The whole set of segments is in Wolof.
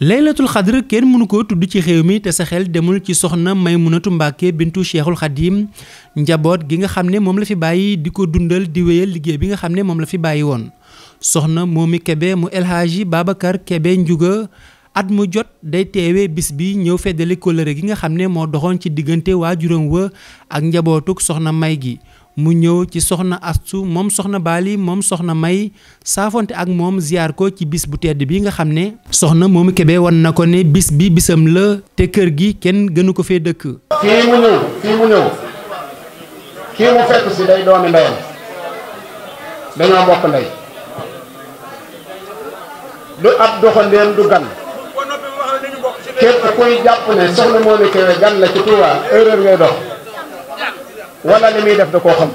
laylatul xadr kenn mënu ko tudd ci xew mi te sa xel demul ci soxna Maymunatu Mbàkke bintu Cheikhul Xadim njaboot gi nga xam ne moom la fi bàyyi di ko dundal di wéyal liggéey bi nga xam ne moom la fi bàyyi woon soxna moomi Kebe mu El Hadji Babacar Kebe Ndiouga at mu jot day teewee bis bi ñëw feddali kóllëre gi nga xam ne moo doxoon ci diggante waajuram wa ak njabootug soxna may gi mu ñëw ci soxna astu moom soxna baali moom soxna may saafonte ak moom ziyaar ko ci bis bu tedd bi nga xam ne soxna moomu kebe wan na ko ne bis bi bisam la te kër gi kenn gënu ko fee dëkk kii mu ñëw kii mu ñëw kii mu fekk si day doomi ndeyam dañoo bokk ndey du ab doxandéem du gan képp kuy jàpp ne soxna moo ne kewe gan la ci Touba erreur ngay dox wala li muy def da koo xam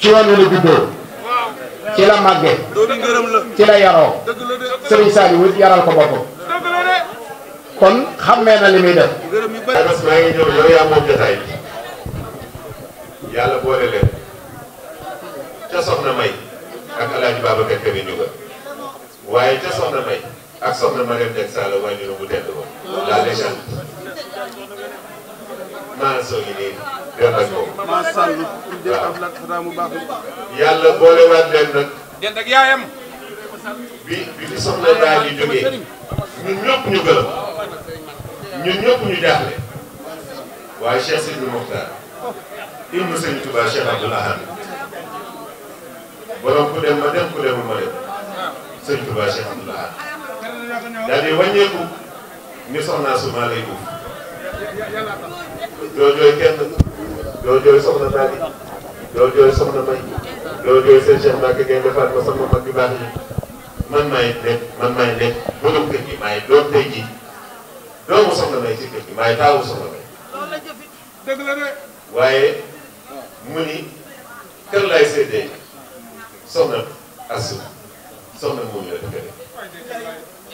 ci yoon wi la juddoo ci la màggee ci la yaroo Serigne Saliou wut yaral ko boppam kon xàmmee na li muy def. ca soxna May ak El Hadj Babacar Kébé nga waaye ca soxna May. ak soxna Mariam Dieng Sall wàññi na mu tedd ko la légende maa soo ngi nii jot ak moom. maa sàll waaw. yàlla boolewaat leen nag. dend ak yaayam. bi bi fi soxna daal di jógee ñun ñëpp ñu gërëm ñun ñëpp ñu jaaxle waaye Cheikh Sidi Mokhtar ibnu Sëñ Tuubaa Cheikh Abdoul Ahad borom ku dem ma dem ku demul ma dem Sëñ Tuubaa Cheikh Abdoul Ahad daal di wàññeeku ni soxnaa su maa lay buuf doo jooy kenn doo jooy soxna Bali doo jooy soxna May doo jooy seen Cheikh Mbacke Gueye defaat ma sama mag yu baax yi man maay nekk man maay nekk borom kër gi maay doom tey jii doomu soxna May ci kër gi maay taawu soxna May waaye mu ni kan laay séddee soxna Asou soxna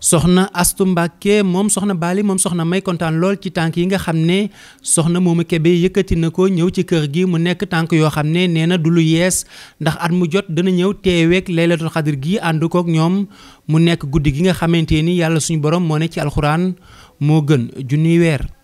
soxna Astu Mbàkke moom soxna Baali moom soxna may kontaan lool ci tànk yi nga xam ne soxna Mooma Kebe yëkkati na ko ñëw ci kër gi mu nekk tànk yoo xam ne nee na du lu yees ndax at mu jot dana ñëw teeweeg laylatul xadir gi ànd ak ñoom mu nekk guddi gi nga xamante ni yàlla suñu borom moo ne ci alxuraan moo gën junniy weer.